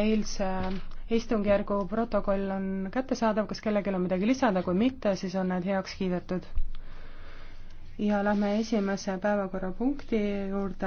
eilse istungjärgu protokoll on kättesaadav, kas kellelgi on midagi lisada, kui mitte, siis on need heaks kiidetud. ja lähme esimese päevakorrapunkti juurde.